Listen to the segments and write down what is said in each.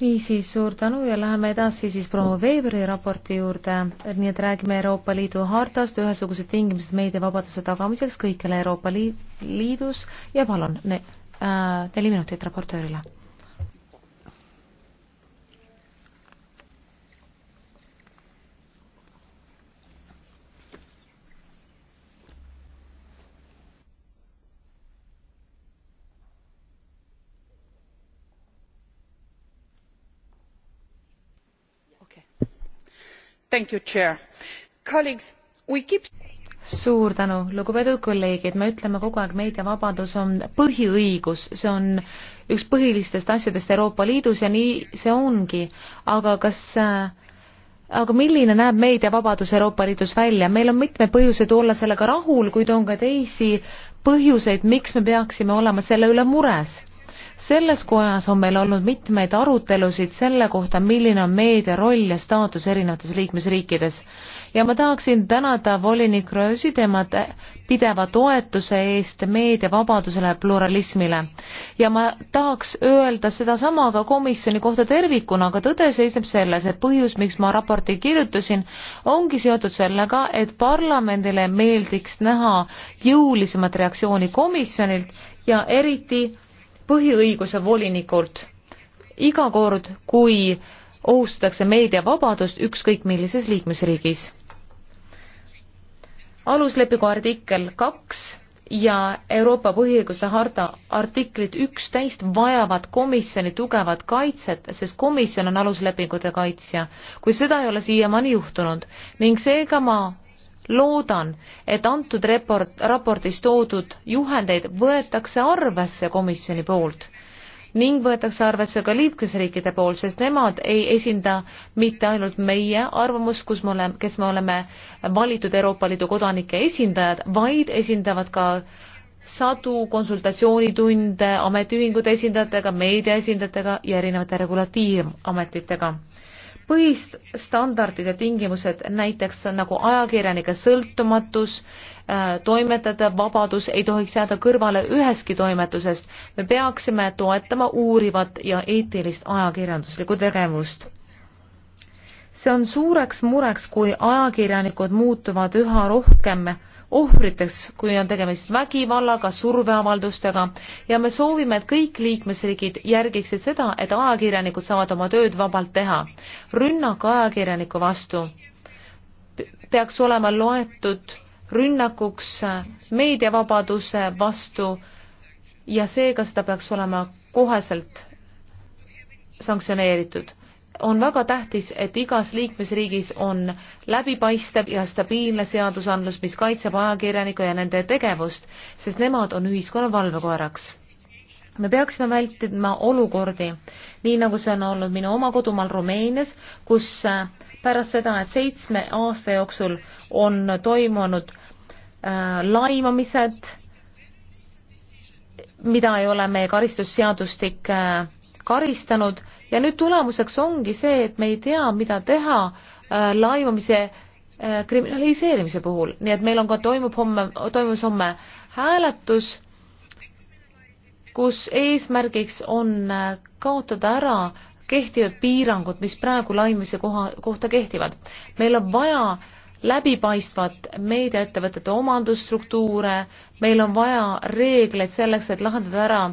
niisiis, suur tänu ja läheme edasi siis proua Weberi raporti juurde, nii et räägime Euroopa Liidu hartast, ühesugused tingimused meediavabaduse tagamiseks kõikjale Euroopa Liidus ja palun ne, äh, neli minutit raportöörile Keep... suur tänu lugupeetud kolleegid me ütleme kogu aeg meediavabadus on põhiõigus see on üks põhilistest asjadest euroopa liidus ja nii see ongi aga kas äh, aga milline näeb meediavabadus euroopa liidus välja meil on mitmeid põhjuseid olla sellega rahul kuid on ka teisi põhjuseid miks me peaksime olema selle üle mures selles kojas on meil olnud mitmeid arutelusid selle kohta, milline on meedia roll ja staatus erinevates liikmesriikides. ja ma tahaksin tänada volinik Röösi tema pideva toetuse eest meediavabadusele ja pluralismile. ja ma tahaks öelda sedasama ka komisjoni kohta tervikuna, aga tõde seisneb selles, et põhjus, miks ma raporti kirjutasin, ongi seotud sellega, et parlamendile meeldiks näha jõulisemat reaktsiooni komisjonilt ja eriti põhiõiguse volinikult iga kord, kui ohustatakse meediavabadust ükskõik millises liikmesriigis. aluslepingu artikkel kaks ja Euroopa põhiõiguste harta artiklid üksteist vajavad komisjoni tugevat kaitset, sest komisjon on aluslepingute kaitsja, kui seda ei ole siiamaani juhtunud ning seega ma loodan, et antud report, raportis toodud juhendeid võetakse arvesse komisjoni poolt ning võetakse arvesse ka liikmesriikide pool, sest nemad ei esinda mitte ainult meie arvamust, kus me oleme, kes me oleme valitud Euroopa Liidu kodanike esindajad, vaid esindavad ka sadu konsultatsioonitunde ametiühingute esindajatega, meedia esindajatega ja erinevate regulatiivametitega põhistandardid ja tingimused, näiteks nagu ajakirjanike sõltumatus, äh, toimetajate vabadus ei tohiks jääda kõrvale ühestki toimetusest. me peaksime toetama uurivat ja eetilist ajakirjanduslikku tegevust. see on suureks mureks, kui ajakirjanikud muutuvad üha rohkem äh, ohvriteks, kui on tegemist vägivallaga, surveavaldustega ja me soovime, et kõik liikmesriigid järgiksid seda, et ajakirjanikud saavad oma tööd vabalt teha. rünnak ajakirjaniku vastu peaks olema loetud rünnakuks meediavabaduse vastu ja seega seda peaks olema koheselt sanktsioneeritud on väga tähtis, et igas liikmesriigis on läbipaistev ja stabiilne seadusandlus, mis kaitseb ajakirjaniku ja nende tegevust, sest nemad on ühiskonna valvekoeraks. me peaksime vältima olukordi, nii nagu see on olnud minu oma kodumaal Rumeenias, kus äh, pärast seda, et seitsme aasta jooksul on toimunud äh, laimamised, mida ei ole meie karistusseadustik äh, karistanud, ja nüüd tulemuseks ongi see, et me ei tea, mida teha äh, laimamise äh, kriminaliseerimise puhul, nii et meil on ka, toimub homme, toimus homme hääletus, kus eesmärgiks on äh, kaotada ära kehtivad piirangud, mis praegu laimamise koha, kohta kehtivad. meil on vaja läbipaistvat meediaettevõtete omandusstruktuure, meil on vaja reegleid selleks, et lahendada ära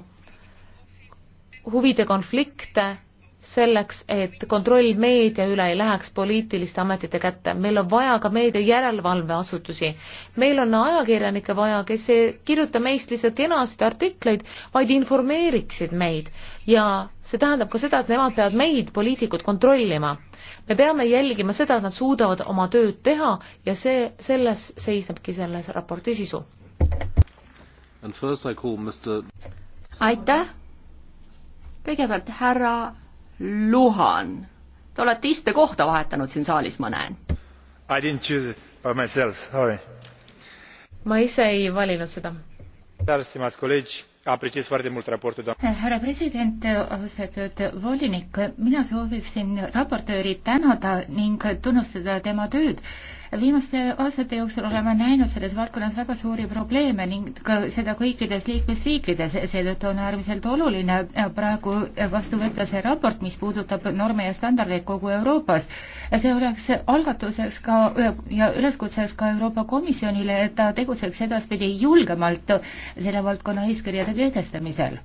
huvide konflikte selleks, et kontroll meedia üle ei läheks poliitiliste ametite kätte. meil on vaja ka meedia järelevalveasutusi. meil on ajakirjanikke vaja, kes ei kirjuta meist lihtsalt kenasid artikleid, vaid informeeriksid meid. ja see tähendab ka seda, et nemad peavad meid, poliitikud, kontrollima. me peame jälgima seda, et nad suudavad oma tööd teha ja see, selles seisnebki selles raporti sisu. aitäh! kõigepealt härra Luhan. Te olete istekohta vahetanud siin saalis, ma näen. I didn't choose it by myself, sorry. ma ise ei valinud seda. härra president, austatud volinik, mina sooviksin raportööri tänada ning tunnustada tema tööd viimaste aastate jooksul oleme näinud selles valdkonnas väga suuri probleeme ning ka seda kõikides liikmesriikides, seetõttu on äärmiselt oluline praegu vastu võtta see raport, mis puudutab norme ja standardeid kogu Euroopas. see oleks algatuseks ka ja üleskutseks ka Euroopa Komisjonile, et ta tegutseks edaspidi julgemalt selle valdkonna eeskirjade kehtestamisel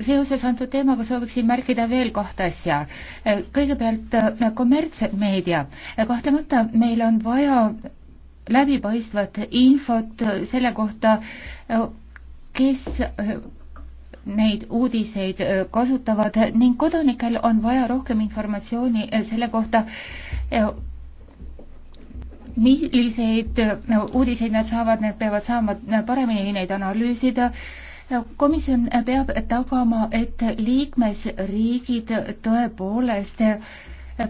seoses antud teemaga sooviksin märkida veel kahte asja. kõigepealt äh, kommertsmeedia. kahtlemata meil on vaja läbipaistvat infot selle kohta, äh, kes äh, neid uudiseid kasutavad ning kodanikel on vaja rohkem informatsiooni selle kohta, milliseid uudiseid nad saavad, need peavad saama paremini neid analüüsida komisjon peab tagama, et liikmesriigid tõepoolest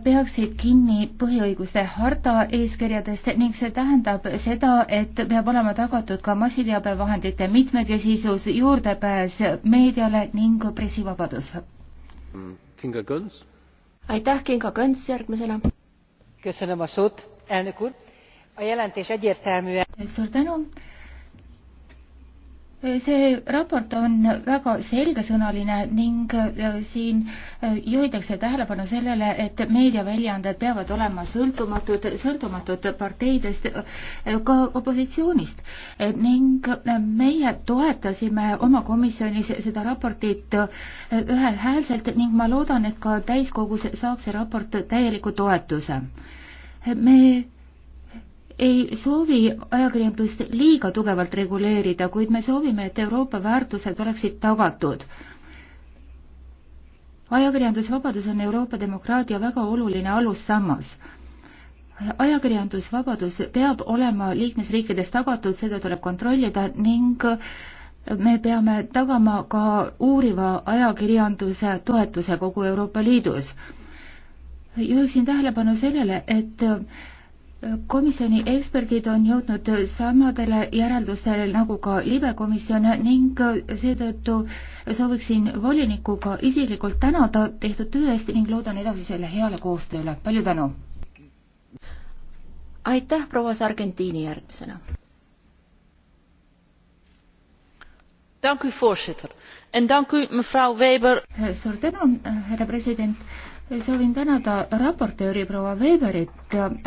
peaksid kinni põhiõiguste harta eeskirjadest ning see tähendab seda, et peab olema tagatud ka massiteabevahendite mitmekesisus, juurdepääs meediale ning pressivabadus. Kinga Kõns. aitäh, Kinga Kõns, järgmisena. suur tänu see raport on väga selgesõnaline ning äh, siin äh, juhitakse tähelepanu sellele, et meediaväljaanded peavad olema sõltumatud, sõltumatud parteidest, äh, ka opositsioonist ning meie toetasime oma komisjonis seda raportit ühehäälselt ning ma loodan, et ka täiskogus saab see raport täieliku toetuse. me ei soovi ajakirjandust liiga tugevalt reguleerida, kuid me soovime, et Euroopa väärtused oleksid tagatud. ajakirjandusvabadus on Euroopa demokraatia väga oluline alussammas. ajakirjandusvabadus peab olema liikmesriikides tagatud, seda tuleb kontrollida ning me peame tagama ka uuriva ajakirjanduse toetuse kogu Euroopa Liidus. juhiksin tähelepanu sellele, et komisjoni eksperdid on jõudnud samadele järeldustele nagu ka libekomisjon ning seetõttu sooviksin volinikuga isiklikult tänada tehtud töö eest ning loodan edasisele heale koostööle. palju tänu! aitäh, proua Sargentini järgmisena. suur tänu, härra president soovin tänada raportööri proua Weberit.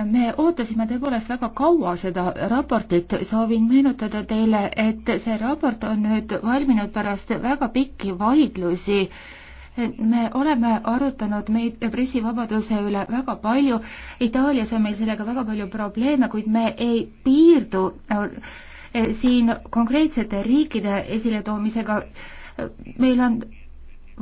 me ootasime tõepoolest väga kaua seda raportit. soovin meenutada teile, et see raport on nüüd valminud pärast väga pikki vaidlusi. me oleme arutanud meid pressivabaduse üle väga palju. Itaalias on meil sellega väga palju probleeme, kuid me ei piirdu eh, siin konkreetsete riikide esiletoomisega. meil on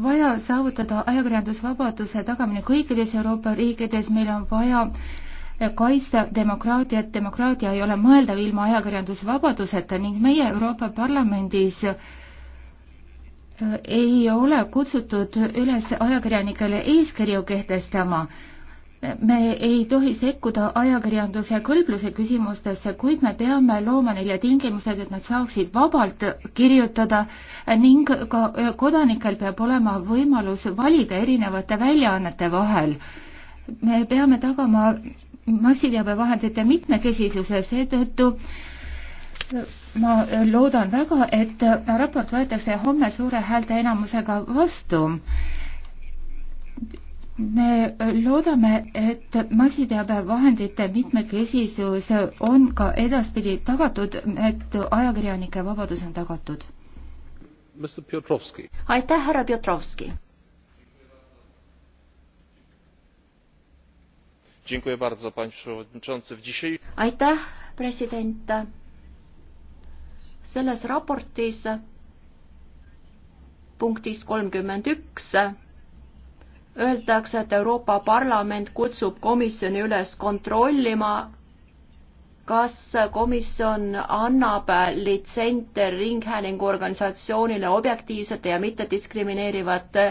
vaja saavutada ajakirjandusvabaduse tagamine kõikides Euroopa riikides, meil on vaja eh, kaitsta demokraatiat, demokraatia ei ole mõeldav ilma ajakirjandusvabaduseta ning meie Euroopa Parlamendis eh, ei ole kutsutud üles ajakirjanikele eeskirju kehtestama me ei tohi sekkuda ajakirjanduse kõlbluse küsimustesse, kuid me peame looma neile tingimused, et nad saaksid vabalt kirjutada ning ka kodanikel peab olema võimalus valida erinevate väljaannete vahel. me peame tagama massiteabevahendite mitmekesisuse, seetõttu ma loodan väga, et raport võetakse homme suure häälteenamusega vastu me loodame, et massiteabevahendite mitmekesisus on ka edaspidi tagatud, et ajakirjanike vabadus on tagatud. aitäh, härra Pjotrovski. aitäh, president. selles raportis punktis kolmkümmend üks öeldakse, et Euroopa Parlament kutsub komisjoni üles kontrollima, kas komisjon annab litsente ringhäälinguorganisatsioonile objektiivsete ja mittediskrimineerivate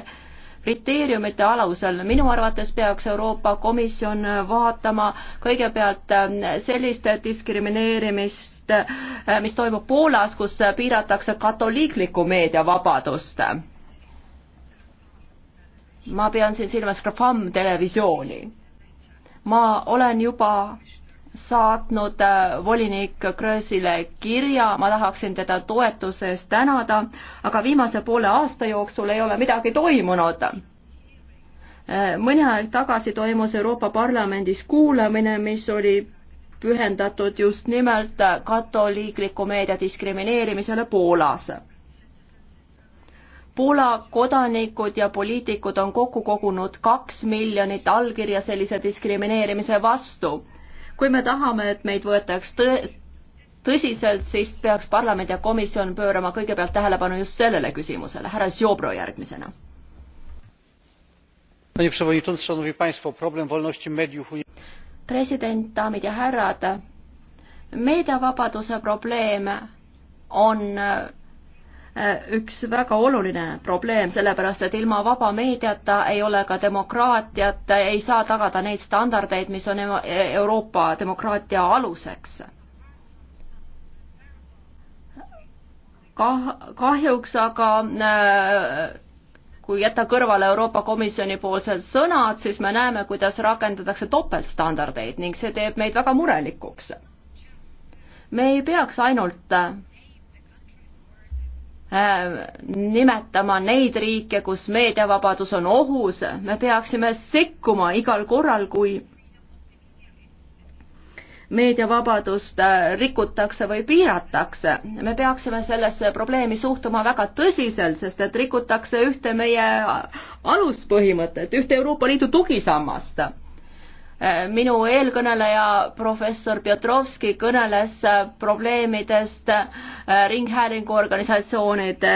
kriteeriumite alusel. minu arvates peaks Euroopa Komisjon vaatama kõigepealt sellist diskrimineerimist, mis toimub Poolas, kus piiratakse katoliikliku meedia vabadust ma pean siin silmas Grafam televisiooni. ma olen juba saatnud äh, volinik Krõsile kirja, ma tahaksin teda toetuse eest tänada, aga viimase poole aasta jooksul ei ole midagi toimunud. Äh, mõni aeg tagasi toimus Euroopa Parlamendis kuulamine, mis oli pühendatud just nimelt katoliikliku meedia diskrimineerimisele Poolas Poola kodanikud ja poliitikud on kokku kogunud kaks miljonit allkirja sellise diskrimineerimise vastu. kui me tahame, et meid võetaks tõ-, tõsiselt, siis peaks parlament ja komisjon pöörama kõigepealt tähelepanu just sellele küsimusele. härra Zjobro järgmisena. president, daamid ja härrad, meediavabaduse probleem on Äh, üks väga oluline probleem, sellepärast et ilma vaba meediata ei ole ka demokraatiat, ei saa tagada neid standardeid, mis on e-, Euroopa demokraatia aluseks. kah-, kahjuks aga äh, kui jätta kõrvale Euroopa Komisjoni poolsed sõnad, siis me näeme, kuidas rakendatakse topeltstandardeid ning see teeb meid väga murelikuks. me ei peaks ainult äh, Äh, nimetama neid riike, kus meediavabadus on ohus, me peaksime sekkuma igal korral, kui meediavabadust äh, rikutakse või piiratakse. me peaksime sellesse probleemi suhtuma väga tõsiselt, sest et rikutakse ühte meie aluspõhimõtet, ühte Euroopa Liidu tugisammast Äh, minu eelkõneleja, professor Pjotrovski kõneles äh, probleemidest äh, ringhäälinguorganisatsioonide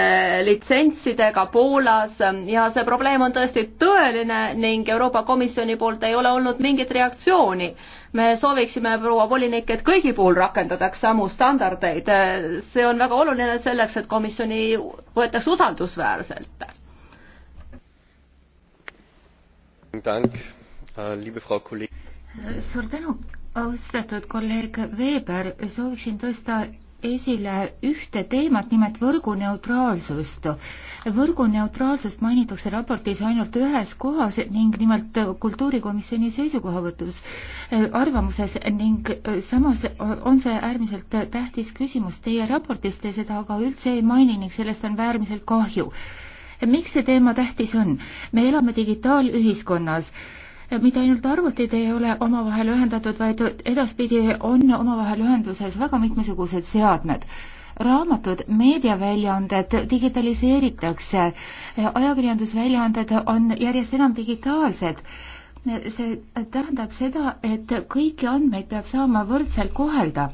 litsentsidega Poolas ähm, ja see probleem on tõesti tõeline ning Euroopa Komisjoni poolt ei ole olnud mingit reaktsiooni. me sooviksime, proua volinik, et kõigi puhul rakendataks samu standardeid. see on väga oluline selleks, et komisjoni võetakse usaldusväärselt. tänan Äh, suur tänu, austatud kolleeg Veber, sooviksin tõsta esile ühte teemat, nimelt võrguneutraalsust. võrguneutraalsust mainitakse raportis ainult ühes kohas ning nimelt kultuurikomisjoni seisukohavõtus äh, arvamuses ning äh, samas on see äärmiselt tähtis küsimus. Teie raportis te seda aga üldse ei maini ning sellest on äärmiselt kahju. miks see teema tähtis on? me elame digitaalühiskonnas mitte ainult arvutid ei ole omavahel ühendatud, vaid edaspidi on omavahel ühenduses väga mitmesugused seadmed raamatud, meediaväljaanded digitaliseeritakse, ajakirjandusväljaanded on järjest enam digitaalsed. see tähendab seda, et kõiki andmeid peab saama võrdselt kohelda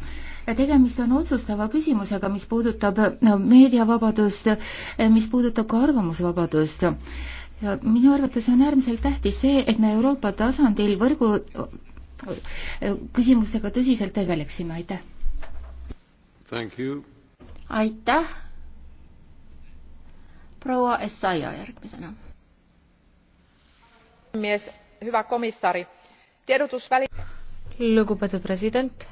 tegemist on otsustava küsimusega, mis puudutab meediavabadust, mis puudutab ka arvamusvabadust ja minu arvates on äärmiselt tähtis see, et me Euroopa tasandil võrgu äh, küsimustega tõsiselt tegeleksime, aitäh! aitäh! proua Essaia järgmisena. mies, hüva komissari, teadusväli- lugupeetud president,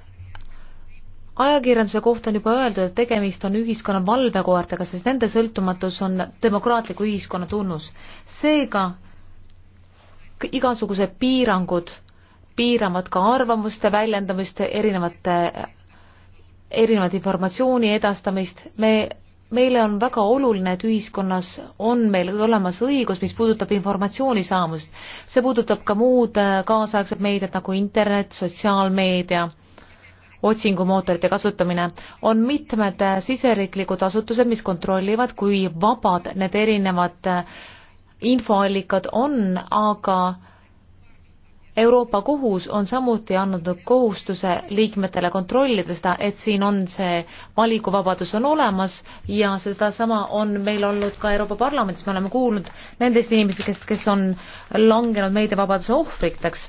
ajakirjanduse kohta on juba öeldud, et tegemist on ühiskonna valvekoertega, sest nende sõltumatus on demokraatliku ühiskonna tunnus. seega igasugused piirangud piiravad ka arvamuste väljendamist, erinevate, erinevat informatsiooni edastamist, me, meile on väga oluline, et ühiskonnas on meil olemas õigus, mis puudutab informatsiooni saamist. see puudutab ka muud äh, kaasaegset meediat nagu internet, sotsiaalmeedia otsingumootorite kasutamine. on mitmed äh, siseriiklikud asutused, mis kontrollivad, kui vabad need erinevad äh, infoallikad on, aga Euroopa Kohus on samuti andnud kohustuse liikmetele kontrollida seda, et siin on see valikuvabadus on olemas ja sedasama on meil olnud ka Euroopa Parlamendis, me oleme kuulnud nendest inimestest, kes, kes on langenud meediavabaduse ohvriteks.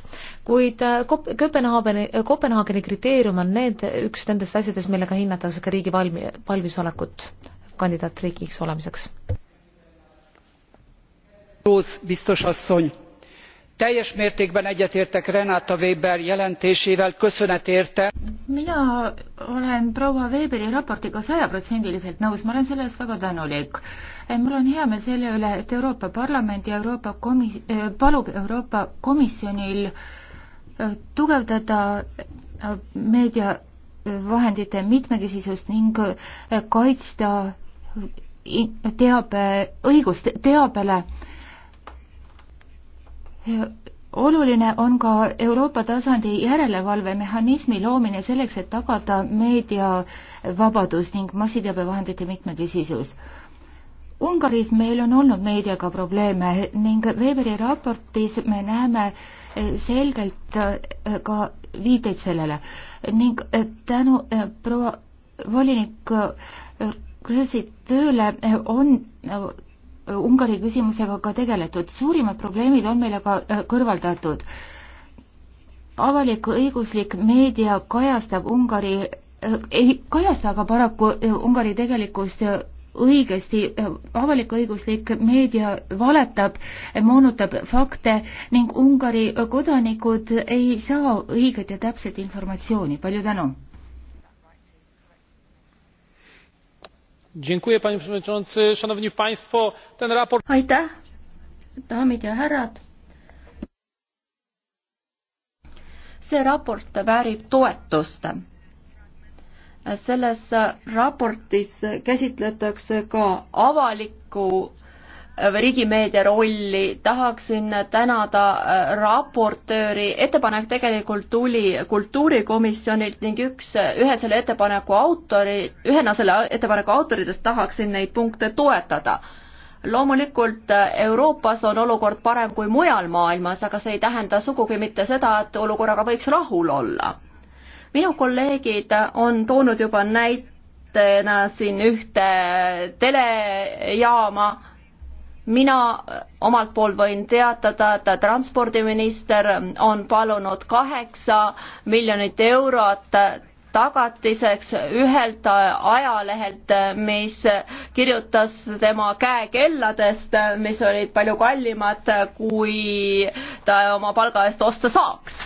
kuid äh, Kopenhaageni, Kopenhaageni kriteerium on need, üks nendest asjadest, millega hinnatakse ka riigi valmi-, valmisolekut kandidaatriigiks olemiseks. Róz biztos asszony teljes mértékben egyetértek Renata Weber jelentésével, köszönet érte. mina olen proua Weberi raportiga sajaprotsendiliselt nõus, ma olen selle eest väga tänulik. Eh, mul on hea meel selle üle, et Euroopa Parlament ja Euroopa komi-, eh, palub Euroopa Komisjonil eh, tugevdada meediavahendite mitmekesisust ning kaitsta teabe, õigust teabele oluline on ka Euroopa tasandi järelevalvemehhanismi loomine selleks, et tagada meediavabadus ning massiteabevahendite mitmekesisus. Ungaris meil on olnud meediaga probleeme ning Weberi raportis me näeme eh, selgelt eh, ka viiteid sellele ning eh, tänu proua volinik Krõsi tööle on Äh, Ungari küsimusega ka tegeletud, suurimad probleemid on meil aga äh, kõrvaldatud. avalik-õiguslik meedia kajastab Ungari, äh, ei kajasta aga paraku Ungari tegelikkust õigesti, avalik-õiguslik meedia valetab, moonutab fakte ning Ungari kodanikud ei saa õiget ja täpset informatsiooni, palju tänu! aitäh, daamid ja härrad. see raport väärib toetust. selles raportis käsitletakse ka avalikku Äh, riigimeedia rolli, tahaksin tänada äh, raportööri, ettepanek tegelikult tuli kultuurikomisjonilt ning üks, äh, ühe selle ettepaneku autori, ühena selle ettepaneku autoritest tahaksin neid punkte toetada. loomulikult Euroopas on olukord parem kui mujal maailmas, aga see ei tähenda sugugi mitte seda, et olukorraga võiks rahul olla. minu kolleegid on toonud juba näitena siin ühte telejaama mina äh, omalt poolt võin teatada, et transpordiminister on palunud kaheksa miljonit eurot tagatiseks ühelt ajalehelt, mis kirjutas tema käekelladest, mis olid palju kallimad, kui ta oma palga eest osta saaks.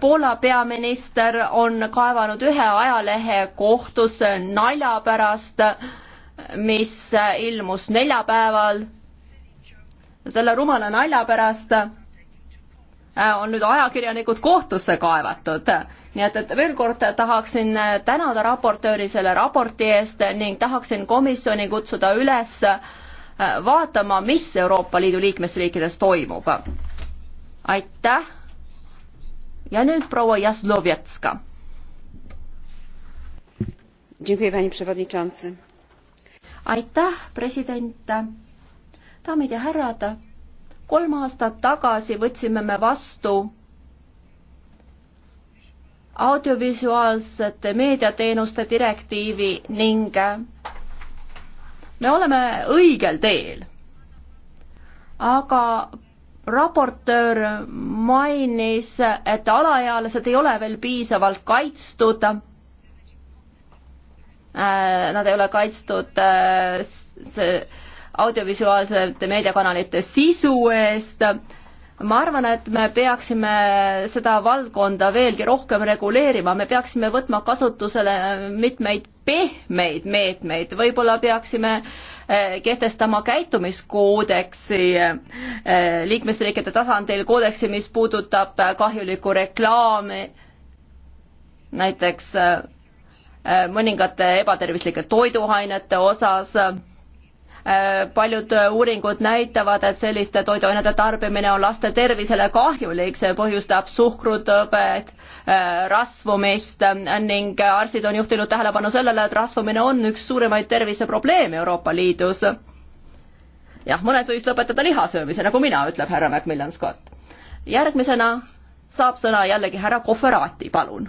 Poola peaminister on kaevanud ühe ajalehe kohtusse nalja pärast mis ilmus neljapäeval. selle rumala nalja pärast äh, on nüüd ajakirjanikud kohtusse kaevatud. nii et, et veel kord tahaksin tänada raportööri selle raporti eest ning tahaksin komisjoni kutsuda üles äh, vaatama, mis Euroopa Liidu liikmesriikides toimub. aitäh. ja nüüd proua Jaslovjetska. Dziękuję panie przewodniczący aitäh, president. daamid ja härrad, kolm aastat tagasi võtsime me vastu audiovisuaalsete meediateenuste direktiivi ning me oleme õigel teel. aga raportöör mainis, et alaealised ei ole veel piisavalt kaitstud Äh, nad ei ole kaitstud äh, audiovisuaalsete meediakanalite sisu eest. ma arvan, et me peaksime seda valdkonda veelgi rohkem reguleerima, me peaksime võtma kasutusele mitmeid pehmeid meetmeid, võib-olla peaksime äh, kehtestama käitumiskoodeksi liikmesriikide tasandil, koodeksi, mis puudutab kahjulikku reklaami, näiteks Äh, mõningate ebatervislike toiduainete osas. Äh, paljud äh, uuringud näitavad, et selliste toiduainete tarbimine on laste tervisele kahjulik, see põhjustab suhkrutõbed, rasvumist ning arstid on juhtinud tähelepanu sellele, et rasvumine on üks suurimaid terviseprobleeme Euroopa Liidus. jah, mõned võiks lõpetada lihasöömise, nagu mina, ütleb härra Macmillan Scott. järgmisena saab sõna jällegi härra Kohverati, palun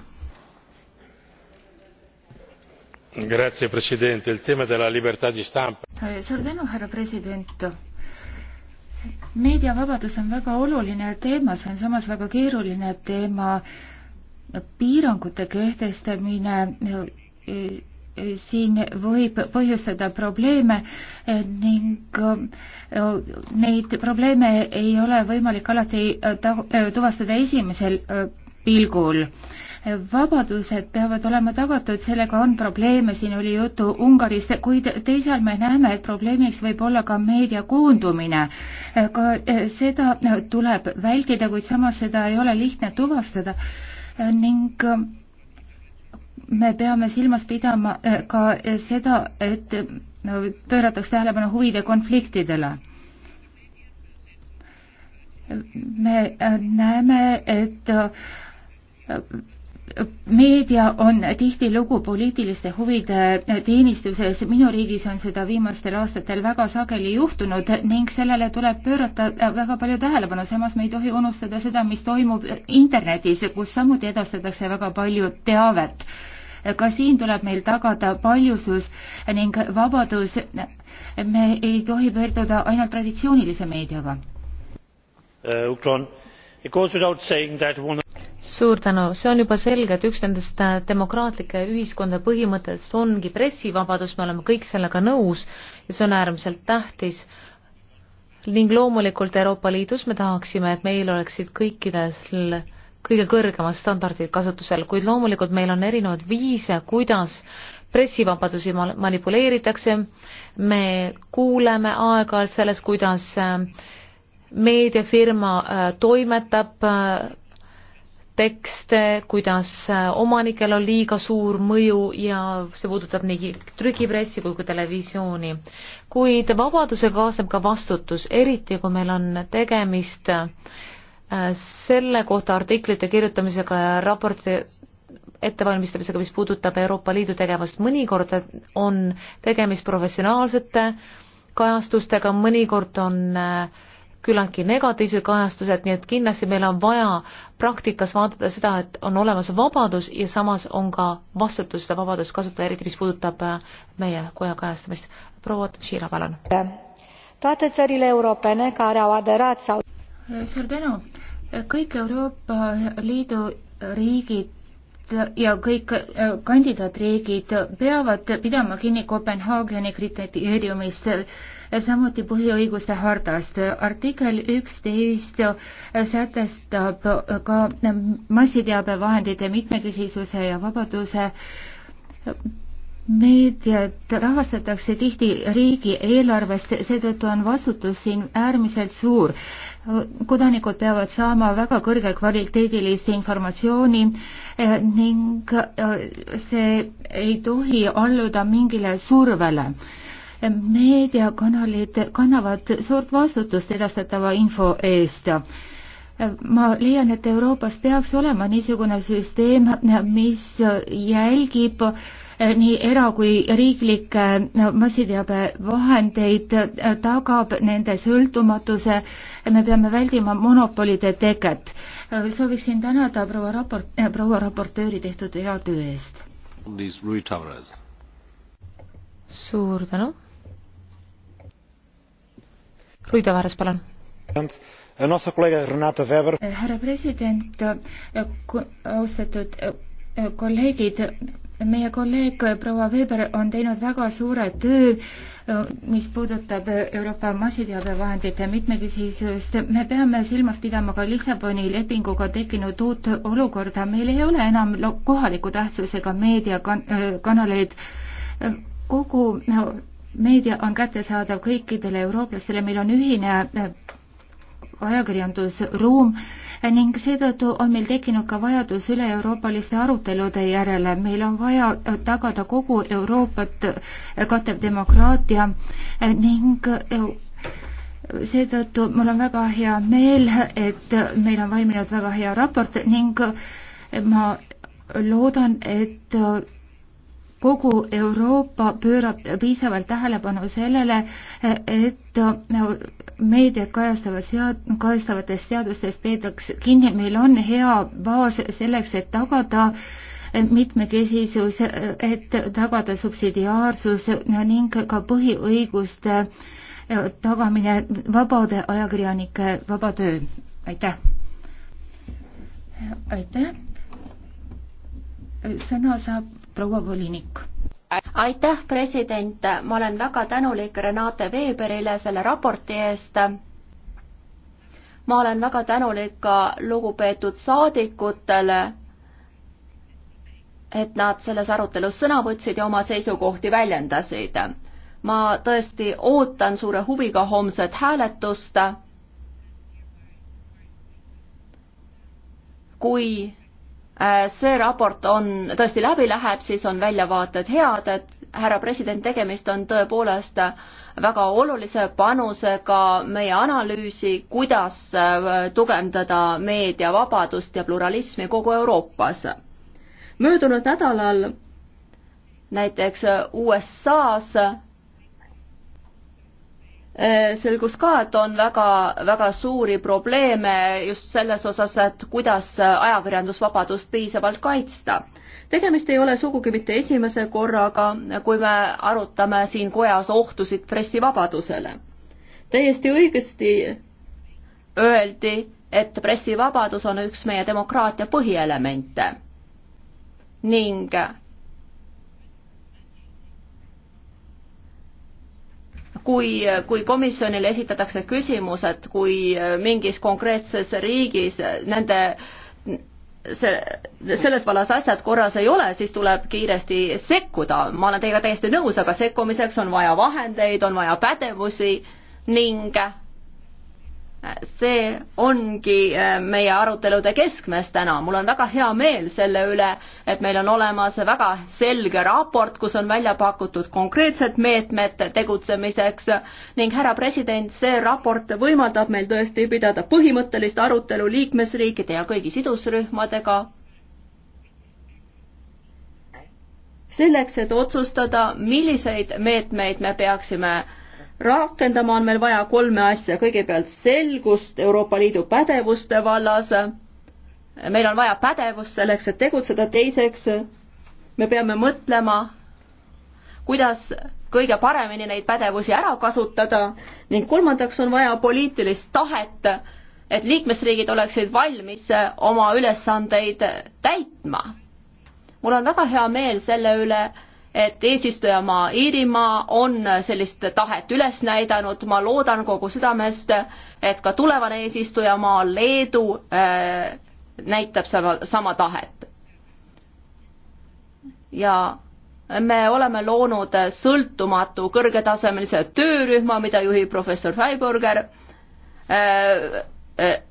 il tema della libertà di stampa. Eh, suur tänu härra president meediavabadus on väga oluline teema see on samas väga keeruline teema piirangute kehtestamine eh, eh, siin võib põhjustada probleeme ning neid probleeme ei ole võimalik alati tuvastada esimesel pilgul vabadused peavad olema tagatud, sellega on probleeme, siin oli juttu Ungarist, kuid teisalt me näeme, et probleemiks võib olla ka meedia koondumine. ka eh, seda tuleb vältida, kuid samas seda ei ole lihtne tuvastada eh, ning eh, me peame silmas pidama ka seda, et no, pööratakse tähelepanu huvide konfliktidele. me näeme, et meedia on tihtilugu poliitiliste huvide teenistuses, minu riigis on seda viimastel aastatel väga sageli juhtunud ning sellele tuleb pöörata väga palju tähelepanu, samas me ei tohi unustada seda, mis toimub internetis, kus samuti edastatakse väga palju teavet. ka siin tuleb meil tagada paljusus ning vabadus, me ei tohi pöörduda ainult traditsioonilise meediaga uh,. It goes without saying that one suur tänu, see on juba selge, et üks nendest äh, demokraatlike ühiskonda põhimõtetest ongi pressivabadus, me oleme kõik sellega nõus ja see on äärmiselt tähtis. ning loomulikult Euroopa Liidus me tahaksime, et meil oleksid kõikidel kõige kõrgemad standardid kasutusel, kuid loomulikult meil on erinevad viise, kuidas pressivabadusi manipuleeritakse, me kuuleme aeg-ajalt sellest, kuidas äh, meediafirma äh, toimetab tekste, kuidas äh, omanikel on liiga suur mõju ja see puudutab nii trükipressi kui ka televisiooni. kuid vabadusega kaasneb ka vastutus, eriti kui meil on tegemist äh, selle kohta artiklite kirjutamisega ja raporti ettevalmistamisega, mis puudutab Euroopa Liidu tegevust. mõnikord on tegemist professionaalsete kajastustega, mõnikord on äh, küllaltki negatiivsed kajastused, nii et kindlasti meil on vaja praktikas vaadata seda, et on olemas vabadus ja samas on ka vastutus seda vabadust kasutada, eriti mis puudutab äh, meie koja kajastamist. proua Tšila, palun. suur tänu. kõik Euroopa Liidu riigid ja kõik äh, kandidaatriigid peavad pidama kinni Kopenhaageni kriteeriumist, äh, samuti põhiõiguste hardast. artikkel üksteist äh, sätestab ka massiteabevahendite mitmekesisuse ja vabaduse meediat rahastatakse tihti riigieelarvest, seetõttu on vastutus siin äärmiselt suur. kodanikud peavad saama väga kõrgekvaliteedilist informatsiooni eh, ning eh, see ei tohi alluda mingile survele. meediakanalid kannavad suurt vastutust edastatava info eest ma leian, et Euroopas peaks olema niisugune süsteem, mis jälgib äh, Eh, nii era- kui riiklikke eh, massiteabevahendeid, eh, tagab nende sõltumatuse. me peame väldima monopolide teket. sooviksin tänada proua raport äh,, proua raportööri tehtud hea töö eest. suur tänu. Rui Tavares, palun a nossa colega Renata Weber. Härra president, austatud kolleegid, meie kolleeg proua Weber on teinud väga suure töö, äh, mis puudutab Euroopa massiteabevahendite mitmekesisust. me peame silmas pidama ka Lissaboni lepinguga tekkinud uut olukorda, meil ei ole enam kohaliku tähtsusega meediakanaleid. Äh, kogu meedia on kättesaadav kõikidele eurooplastele, meil on ühine äh, ajakirjandusruum ning seetõttu on meil tekkinud ka vajadus üle-euroopaliste arutelude järele. meil on vaja äh, tagada kogu Euroopat äh, katev demokraatia äh, ning seetõttu mul on väga hea meel, et meil on valminud väga hea raport ning ma loodan, et kogu Euroopa pöörab piisavalt tähelepanu sellele, et meediat kajastavad sead-, kajastavatest seadustest peetaks kinni, meil on hea baas selleks, et tagada mitmekesisus, et tagada subsidiaarsus ning ka põhiõiguste tagamine, vabade ajakirjanike vaba töö. aitäh! aitäh! sõna saab proua volinik. aitäh, president, ma olen väga tänulik Renate Veberile selle raporti eest. ma olen väga tänulik ka lugupeetud saadikutele, et nad selles arutelus sõna võtsid ja oma seisukohti väljendasid. ma tõesti ootan suure huviga homset hääletust. kui Äh, see raport on, tõesti läbi läheb, siis on väljavaated head, et härra president, tegemist on tõepoolest väga olulise panusega meie analüüsi, kuidas äh, tugevdada meediavabadust ja pluralismi kogu Euroopas. möödunud nädalal näiteks äh, USA-s Äh, selgus ka, et on väga, väga suuri probleeme just selles osas, et kuidas ajakirjandusvabadust piisavalt kaitsta. tegemist ei ole sugugi mitte esimese korraga, kui me arutame siin kojas ohtusid pressivabadusele. täiesti õigesti öeldi, et pressivabadus on üks meie demokraatia põhielemente ning kui, kui komisjonile esitatakse küsimused, kui äh, mingis konkreetses riigis nende see, selles vallas asjad korras ei ole, siis tuleb kiiresti sekkuda. ma olen teiega täiesti nõus, aga sekkumiseks on vaja vahendeid, on vaja pädevusi ning see ongi äh, meie arutelude keskmes täna. mul on väga hea meel selle üle, et meil on olemas väga selge raport, kus on välja pakutud konkreetsed meetmed tegutsemiseks ning härra president, see raport võimaldab meil tõesti pidada põhimõttelist arutelu liikmesriikide ja kõigi sidusrühmadega. selleks, et otsustada, milliseid meetmeid me peaksime rakendama, on meil vaja kolme asja, kõigepealt selgust Euroopa Liidu pädevuste vallas, meil on vaja pädevust selleks, et tegutseda, teiseks me peame mõtlema, kuidas kõige paremini neid pädevusi ära kasutada ning kolmandaks on vaja poliitilist tahet, et liikmesriigid oleksid valmis oma ülesandeid täitma. mul on väga hea meel selle üle, et eesistujamaa Iirimaa on sellist tahet üles näidanud, ma loodan kogu südamest, et ka tulevane eesistujamaa Leedu äh, näitab sama, sama tahet. ja me oleme loonud sõltumatu kõrgetasemelise töörühma, mida juhib professor Freiburger äh,. Äh,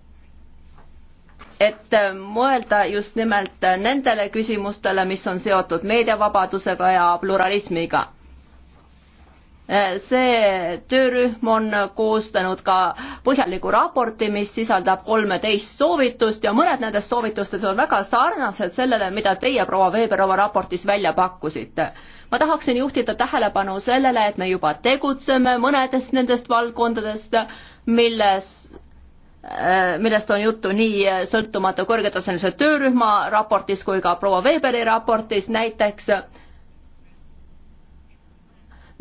et äh, mõelda just nimelt äh, nendele küsimustele, mis on seotud meediavabadusega ja pluralismiga. Äh, see töörühm on koostanud ka põhjaliku raporti, mis sisaldab kolmeteist soovitust ja mõned nendest soovitustest on väga sarnased sellele, mida teie, proua Veber, oma raportis välja pakkusite. ma tahaksin juhtida tähelepanu sellele, et me juba tegutseme mõnedest nendest valdkondadest, milles Äh, millest on juttu nii äh, sõltumatu kõrgetasemelise töörühma raportis kui ka proua Weberi raportis näiteks.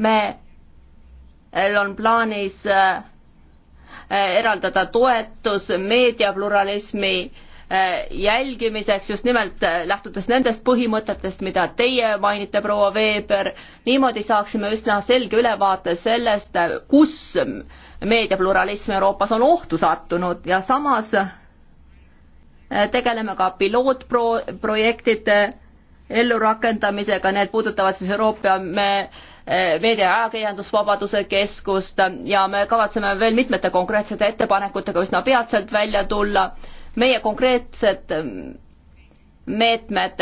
meil äh, on plaanis eraldada toetus meediapluralismi Äh, jälgimiseks just nimelt äh, lähtudes nendest põhimõtetest, mida teie mainite, proua Veeber. niimoodi saaksime üsna selge ülevaate sellest, äh, kus meediapluralism Euroopas on ohtu sattunud ja samas tegeleme ka pilootprojektide ellurakendamisega, need puudutavad siis Euroopa me meedia- ja ajakirjandusvabaduse keskust ja me kavatseme veel mitmete konkreetsete ettepanekutega üsna peatselt välja tulla meie konkreetsed ähm, meetmed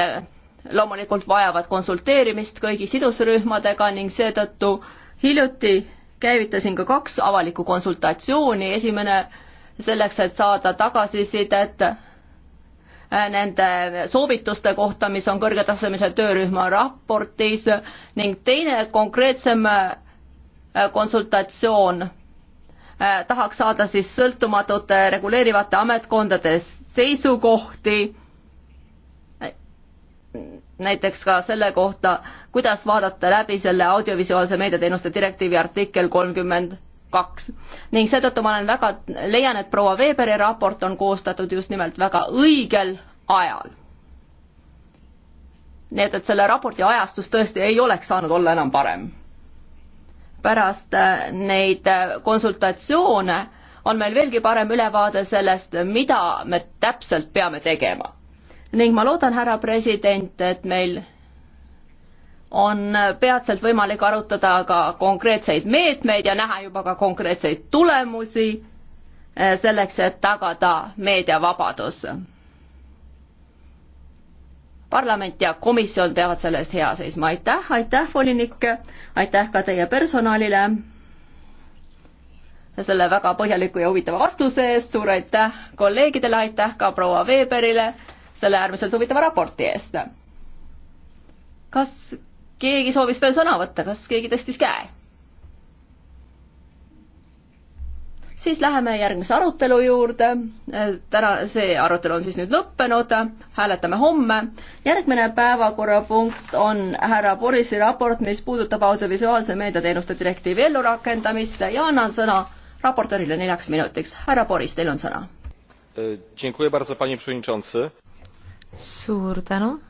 loomulikult vajavad konsulteerimist kõigi sidusrühmadega ning seetõttu hiljuti käivitasin ka kaks avalikku konsultatsiooni, esimene selleks, et saada tagasisidet äh, nende soovituste kohta, mis on kõrgetasemelise töörühma raportis ning teine konkreetsem äh, konsultatsioon Äh, tahaks saada siis sõltumatute reguleerivate ametkondade seisukohti, näiteks ka selle kohta, kuidas vaadata läbi selle audiovisuaalse meediateenuste direktiivi artikkel kolmkümmend kaks. ning seetõttu ma olen väga, leian, et proua Weberi raport on koostatud just nimelt väga õigel ajal. nii et, et selle raporti ajastus tõesti ei oleks saanud olla enam parem pärast äh, neid äh, konsultatsioone on meil veelgi parem ülevaade sellest, mida me täpselt peame tegema. ning ma loodan, härra president, et meil on peatselt võimalik arutada ka konkreetseid meetmeid ja näha juba ka konkreetseid tulemusi äh, selleks, et tagada meediavabadus parlament ja komisjon peavad selle eest hea seisma, aitäh, aitäh, volinik, aitäh ka teie personalile selle väga põhjaliku ja huvitava vastuse eest, suur aitäh kolleegidele, aitäh ka proua Veberile selle äärmiselt huvitava raporti eest. kas keegi soovis veel sõna võtta, kas keegi tõstis käe? siis läheme järgmise arutelu juurde. Äh, täna, see arutelu on siis nüüd lõppenud, hääletame homme. järgmine päevakorrapunkt on härra Borisi raport, mis puudutab audiovisuaalse meediateenuste direktiivi ellurakendamist ja annan sõna raportöörile neljaks minutiks. härra Boris, teil on sõna. Äh, suur tänu